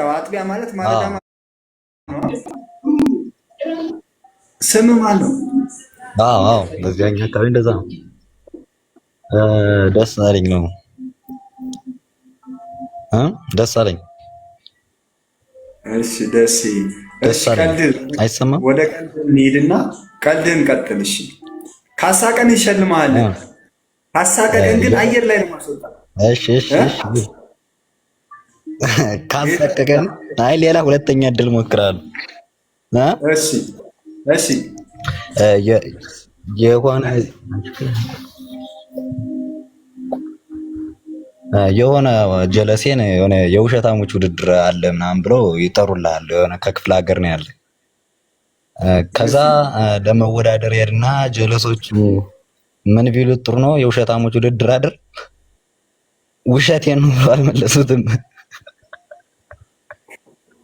ያው አጥቢያ ማለት ማለዳ ስም ማለት ነው። አዎ አዎ፣ በዚያኛው አካባቢ እንደዛ ነው። ደስ አለኝ ነው እ ደስ አለኝ። እሺ ደስ ደስ አለኝ። አይሰማም። ወደ ቀልድ እንሂድና ቀልድን ቀጥል። እሺ ካሳቀን ይሸልማል። ካሳቀን ግን አየር ላይ ነው ማስወጣት። እሺ እሺ እሺ ካሳቀቀን፣ አይ ሌላ ሁለተኛ እድል ሞክራለሁ። እሺ እሺ። የሆነ የሆነ ጀለሴን የሆነ የውሸታሞች ውድድር አለ ምናምን ብለው ይጠሩልሃል። የሆነ ከክፍለ ሀገር ነው ያለ። ከዛ ለመወዳደር ሄድና ጀለሶች ምን ቢሉት ጥሩ ነው የውሸታሞች ውድድር አድር ውሸቴን ነው ብለው አልመለሱትም።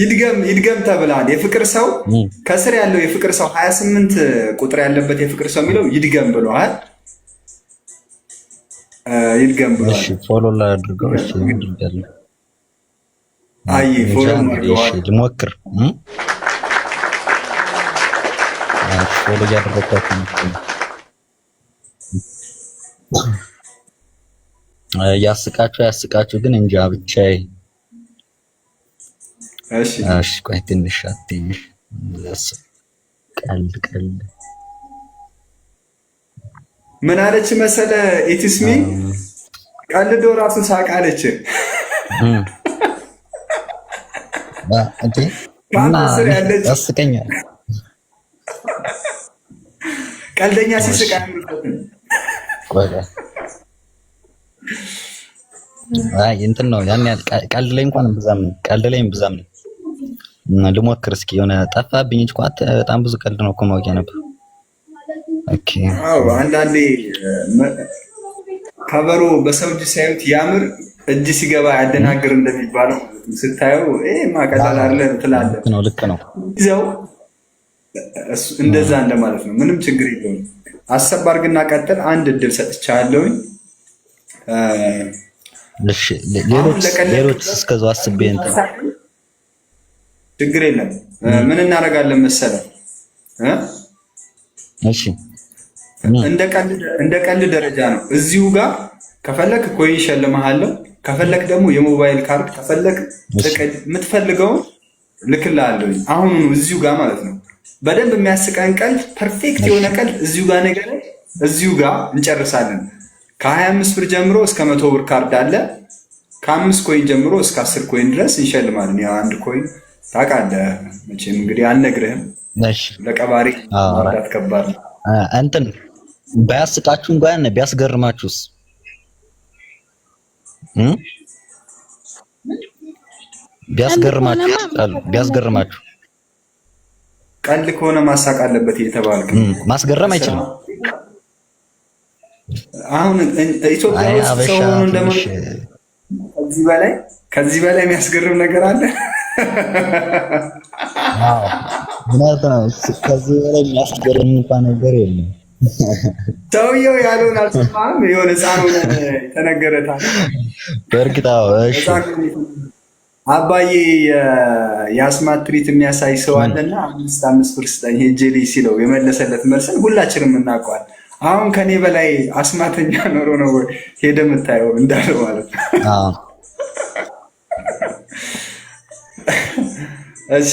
ይድገም ይድገም ተብላል። የፍቅር ሰው ከስር ያለው የፍቅር ሰው 28 ቁጥር ያለበት የፍቅር ሰው የሚለው ይድገም ብለዋል። ይድገም ብለዋል። ፎሎ ላይ ልሞክር። ፎሎ ያደረጋችሁ ያስቃችሁ ያስቃችሁ ግን እንጃ ብቻዬ እሺ ቆይ ትንሽ አትይሽ ቀልድ ቀልድ ምን አለች መሰለ ኢትስሚ ቀልዶ ራሱን ሳቅ አለች። ያስቀኛል። ቀልደኛ ሲስቃ እንትን ነው ያን ቀልድ ላይ እንኳን ብዛም ቀልድ ላይም ብዛም ልሞክር እስኪ የሆነ ጠፋብኝ እንጂ ቋት በጣም ብዙ ቀልድ ነው እኮ ማውቂያ ነበር። ኦኬ አዎ፣ አንዳንዴ ከበሮ በሰው እጅ ሳይሆን ያምር እጅ ሲገባ ያደናግር እንደሚባለው ስታየው እ ማቀላል አለ ትላለህ። ነው ልክ ነው። ይዘው እንደዛ እንደማለት ነው። ምንም ችግር የለውም። አሰብ አድርግና ቀጥል። አንድ እድል ሰጥቻለሁኝ። እሺ፣ ሌሎች ሌሎች እስከዛው አስቤ እንትን ችግር የለም። ምን እናደርጋለን እሺ እንደ ቀልድ ደረጃ ነው። እዚሁ ጋር ከፈለክ ኮይን እሸልምሃለሁ፣ ከፈለክ ደግሞ የሞባይል ካርድ፣ ከፈለክ የምትፈልገውን ልክልሃለሁ። አሁን እዚሁ ጋር ማለት ነው። በደንብ የሚያስቀን ቀልድ፣ ፐርፌክት የሆነ ቀልድ እዚሁ ጋር ነገር እዚሁ ጋር እንጨርሳለን። ከ25 ብር ጀምሮ እስከ መቶ ብር ካርድ አለ። ከአምስት ኮይን ጀምሮ እስከ አስር ኮይን ድረስ እንሸልማለን። ያው አንድ ኮይን ታውቃለህ መቼም እንግዲህ አልነግርህም። ለቀባሪ ማርዳት ከባድ ነው። እንትን ባያስቃችሁ እንኳን ቢያስገርማችሁስ? ቢያስገርማችሁ ቢያስገርማችሁ ቀልድ ከሆነ ማሳቅ አለበት እየተባልክ ማስገረም አይችልም። አሁን ኢትዮጵያ ውስጥ ሰው እንደምን ከዚህ በላይ ከዚህ በላይ የሚያስገርም ነገር አለ? ምክንያቱም ከዚህ በላይ የሚያስገርም ነገር የለም። ሰውየው ያለውን አልሰማህም? የሆነ ህፃን ተነገረ ታዲያ። በእርግጥ አባዬ የአስማት ትርኢት የሚያሳይ ሰው አለና አምስት አምስት ብር ስጠኝ ልይ ሲለው የመለሰለት መልስን ሁላችንም እናውቀዋል። አሁን ከኔ በላይ አስማተኛ ኖሮ ነው ሄደ የምታየው እንዳለ ማለት ነው። እሺ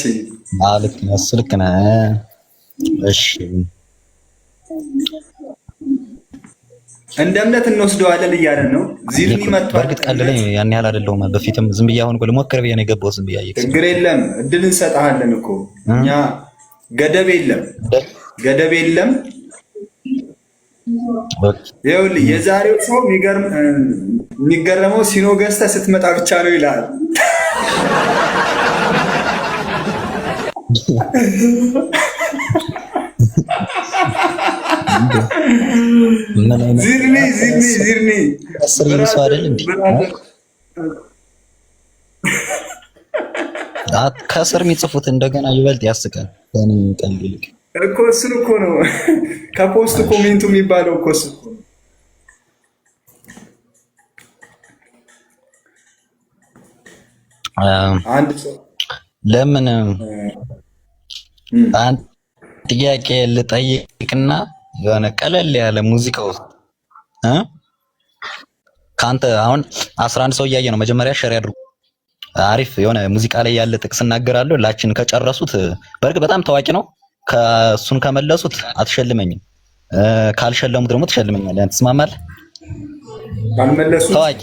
ልክ ነህ፣ ነህ። እሺ እንደ እምነት እንወስደዋለን እያለን ነው። ዚርኒ መጥቷል። በእርግጥ ቀልድ ያን ያህል አይደለሁም። በፊትም ዝም ብዬ አሁን ልሞክር ብዬ ነው ዝም ብዬ ችግር የለም እድል እንሰጥሃለን እኮ እኛ ገደብ የለም፣ ገደብ የለም። ይኸውልህ የዛሬው ሰው የሚገርመው ሲኖ ገዝተህ ስትመጣ ብቻ ነው ይላል። ከስር የሚጽፉት እንደገና ይበልጥ ያስቃል። በእኔ ቀልድ ይልቅ እኮ እሱን እኮ ነው ከፖስት ኮሜንቱ የሚባለው እኮ እሱ ለምን ጥያቄ ልጠይቅና የሆነ ቀለል ያለ ሙዚቃ ውስጥ ከአንተ አሁን አስራ አንድ ሰው እያየ ነው። መጀመሪያ ሸር ያድርጉ። አሪፍ የሆነ ሙዚቃ ላይ ያለ ጥቅስ እናገራለሁ። ላችን ከጨረሱት በእርግጥ በጣም ታዋቂ ነው። ከእሱን ከመለሱት አትሸልመኝም፣ ካልሸለሙት ደግሞ ትሸልመኛለህ። ትስማማለህ? ታዋቂ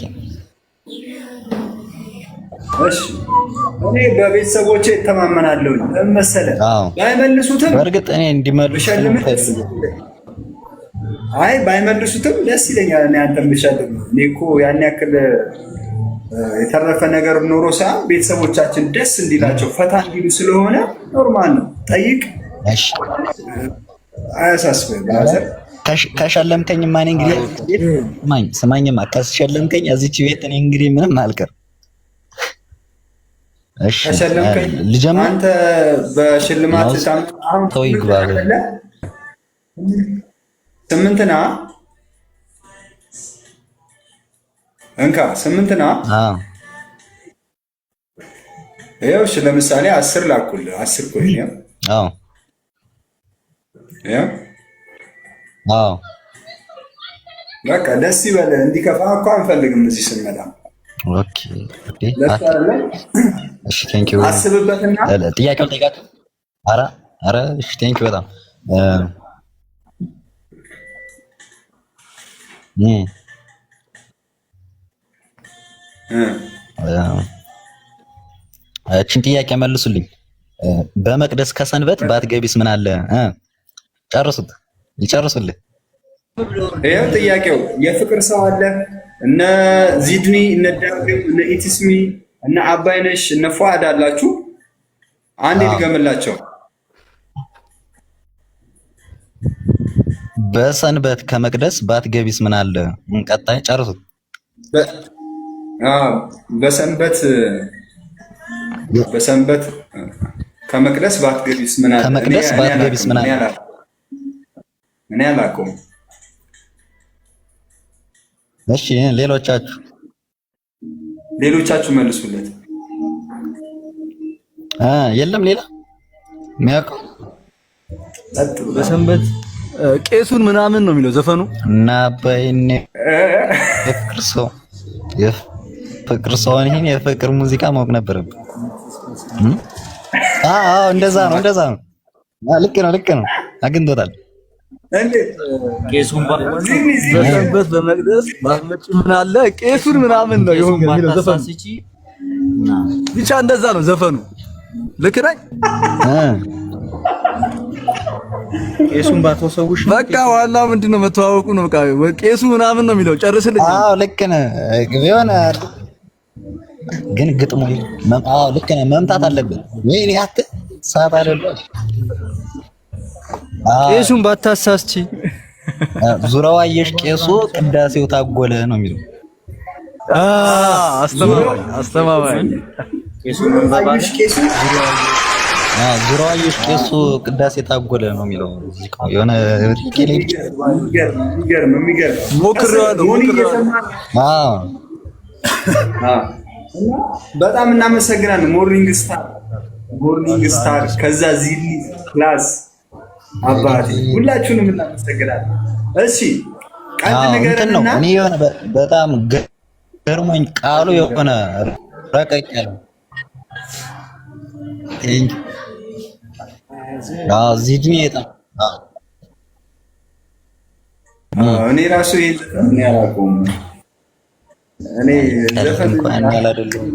እሺ እኔ በቤተሰቦቼ እተማመናለሁ መሰለህ። ባይመልሱትም በእርግጥ እኔ እንዲመልሱ አይ ባይመልሱትም ደስ ይለኛል። እኔ አንተም ብሻለሁ። እኔ እኮ ያን ያክል የተረፈ ነገር ኖሮ ሳይሆን ቤተሰቦቻችን ደስ እንዲላቸው ፈታ እንዲሉ ስለሆነ ኖርማል ነው። ጠይቅ፣ አያሳስብህም። ከሸለምከኝ ማ እንግዲህ ስማኝ ስማኝማ፣ ከሸለምከኝ እዚች ቤት እኔ እንግዲህ ምንም አልቀር አንተ በሽልማት ስምንትና እንካ ስምንትና ይኸው ለምሳሌ አስር ላኩልህ። አስር ኮይን በቃ ደስ ይበልህ። እንዲከፋ እኮ አንፈልግም እዚህ ስንመጣ ጥያቄውን ጠይቃችሁ። ኧረ እሺ፣ ቴንኪው በጣም እችን ጥያቄ መልሱልኝ። በመቅደስ ከሰንበት ባትገቢስ ምን አለ? ጨርሱት፣ ይጨርሱልህ። ይሄ ጥያቄው የፍቅር ሰው አለ እነ ዚድኒ እነ ዳግም እነ ኢቲስሚ እነ አባይነሽ እነ ፏድ አላችሁ። አንድ ይድገምላቸው። በሰንበት ከመቅደስ ባትገቢስ ምን አለ? እንቀጣይ ጨርሱት። በሰንበት በሰንበት ከመቅደስ ባትገቢስ ምን አለ? ከመቅደስ ባትገቢስ ምን አለ? እኔ አላውቀውም እሺ ሌሎቻችሁ ሌሎቻችሁ መልሱለት። የለም ሌላ የሚያውቀው በሰንበት ቄሱን ምናምን ነው የሚለው ዘፈኑ እና በይኔ የፍቅር ሰው የፍቅር ሰውን ይሄን የፍቅር ሙዚቃ ማወቅ ነበረብን እንደዛ ነው፣ እንደዛ ነው። ልክ ነው፣ ልክ ነው። አግኝቶታል። ቄሱን በበት በመቅደስ ባትመጪ ምን አለ ቄሱን ምናምን ነው ይሁን የሚለው ዘፈኑ ብቻ እንደዛ ነው ዘፈኑ። ልክ ነኝ። ቄሱን ባትወሰውሽ በቃ ዋና ምንድን ነው መተዋወቁ ነው። በቃ ቄሱ ምናምን ነው የሚለው ጨርስልኝ። አዎ ልክ ነህ። ቢሆን ግን ግጥሙ ልክ ነህ። መምጣት አለብን። ይሄ ያት ሰዓት አይደለም ቄሱን ባታሳስቺ ዙራው አየሽ ቄሱ ቅዳሴው ታጎለ ነው የሚለው። አስተማማኝ አስተማማኝ ዙራው አየሽ ቄሱ ቅዳሴ ታጎለ ነው የሚለው። የሆነ በጣም እናመሰግናለን። ሞርኒንግ ስታር ሞርኒንግ ስታር ከዛ ዚሊ ክላስ አባቴ ሁላችሁንም እናመሰግናለን። እሺ ቀንድ ነው። እኔ የሆነ በጣም ገርሞኝ ቃሉ የሆነ ረቀቅ ያለ እዚህ እኔ ራሱ ይሄን እኔ ዘፈን እንኳን ያላደለም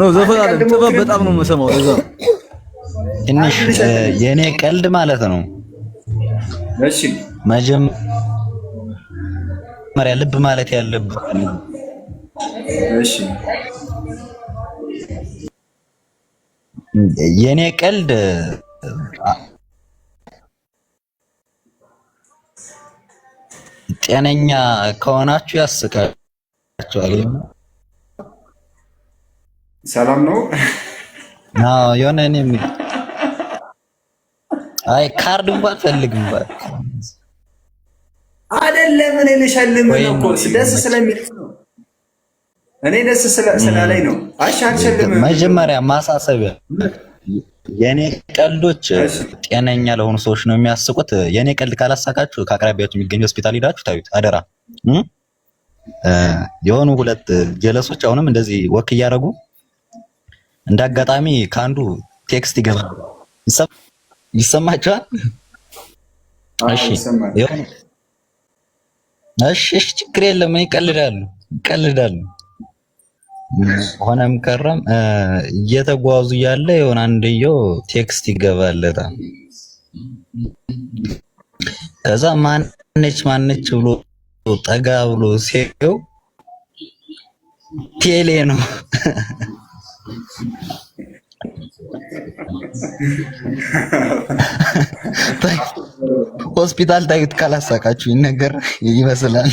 ነው። ዘፈን አለ ጥበብ በጣም ነው የምሰማው እዛ ትንሽ የእኔ ቀልድ ማለት ነው። እሺ መጀመሪያ ልብ ማለት ያለብህ እሺ፣ የእኔ ቀልድ ጤነኛ ከሆናችሁ ያስቃችኋል። ሰላም ነው። አዎ የሆነ እኔ አይ ካርድ እንኳን ፈልግም አይደለም። እኔ ልሸልም እኮ ደስ ስለሚል ነው። እኔ ደስ ስላለኝ ነው። አሽ አልሸልም። መጀመሪያ ማሳሰቢያ የኔ ቀልዶች ጤነኛ ለሆኑ ሰዎች ነው የሚያስቁት። የኔ ቀልድ ካላሳቃችሁ ከአቅራቢያችሁ የሚገኝ ሆስፒታል ሄዳችሁ ታዩት አደራ። የሆኑ ሁለት ጀለሶች አሁንም እንደዚህ ወክ እያደረጉ እንዳጋጣሚ ከአንዱ ቴክስት ይገባል ይሰማችኋል? እሺ እሺ፣ ችግር የለም። ይቀልዳሉ ይቀልዳሉ። ሆነም ቀረም እየተጓዙ ያለ የሆነ አንድየው ቴክስት ይገባለታል። ከዛ ማነች ማነች ብሎ ጠጋ ብሎ ሲየው ቴሌ ነው። ሆስፒታል ታዩት ካላሳካችሁ ነገር ይመስላል።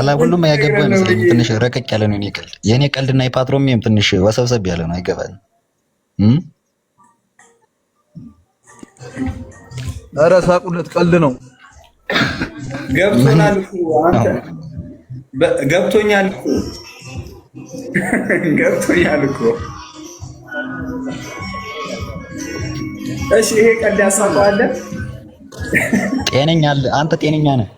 አላ ሁሉም ያገባ ይመስለኝ። ትንሽ ረቀቅ ያለ ነው የኔ ቀልድ። የእኔ ቀልድና የፓትሮሚም ትንሽ ወሰብሰብ ያለ ነው። አይገባል። ኧረ ሳቁለት፣ ቀልድ ነው። ገብቶናል አንተ ገብቶኛል እኮ ገብቶኛል እኮ። እሺ ይሄ ቀልድ ያሳቀዋለህ። ጤነኛ አለ አንተ ጤነኛ ነህ።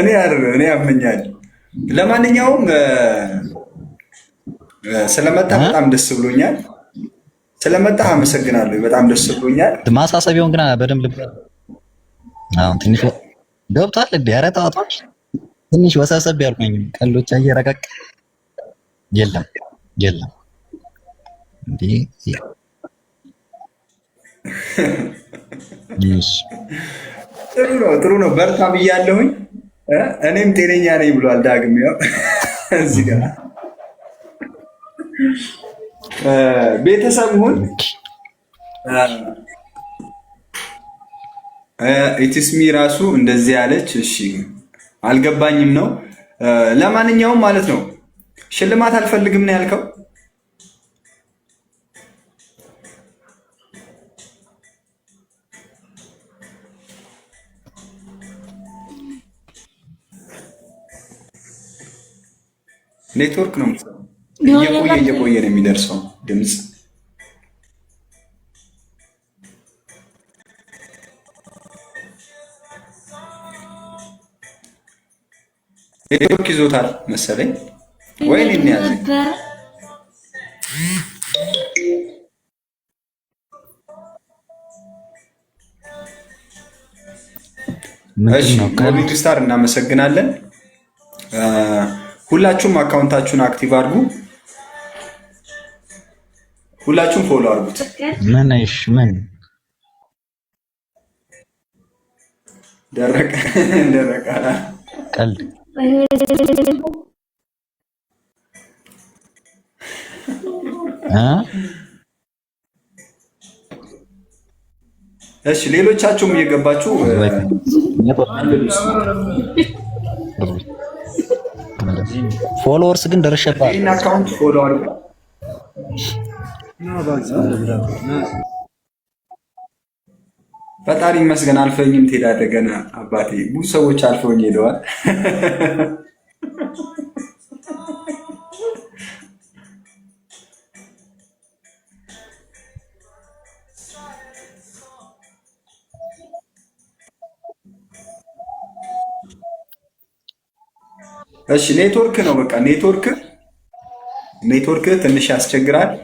እኔ አይደል እኔ ያመኛል። ለማንኛውም ስለመጣ በጣም ደስ ብሎኛል። ስለመጣ አመሰግናለሁ። በጣም ደስ ብሎኛል። ማሳሰቢያውን ግን በደንብ ልብ አሁን ትንሽ ገብቷል እንዴ? ኧረ ተው ተው፣ ትንሽ ወሰብሰብ ያልኩኝ ቀሎች እየረቀቅ የለም የለም ጥሩ ነው ጥሩ ነው፣ በርታ ብያለሁኝ። እኔም ጤነኛ ነኝ ብሏል ዳግም። ያው እዚህ ጋር ቤተሰብ ሁን ኢትስሚ ራሱ እንደዚህ ያለች። እሺ አልገባኝም ነው። ለማንኛውም ማለት ነው ሽልማት አልፈልግም ነው ያልከው። ኔትወርክ ነው የቆየ እየቆየ ነው የሚደርሰው ድምፅ ሌሎች ይዞታል መሰለኝ ወይ ያዘ ሞቢንግ ስታር እናመሰግናለን። ሁላችሁም አካውንታችሁን አክቲቭ አድርጉ። ሁላችሁም ፎሎ አድርጉት። ምን ምን ደረቀ ደረቀ ቀልድ እሺ ሌሎቻችሁም እየገባችሁ ፎሎወርስ ግን ደረሸባል። ፈጣሪ ይመስገን አልፈኝም። ትሄዳለህ አባቴ። ብዙ ሰዎች አልፈውኝ ሄደዋል። እሺ ኔትወርክ ነው በቃ ኔትወርክ ኔትወርክ ትንሽ ያስቸግራል።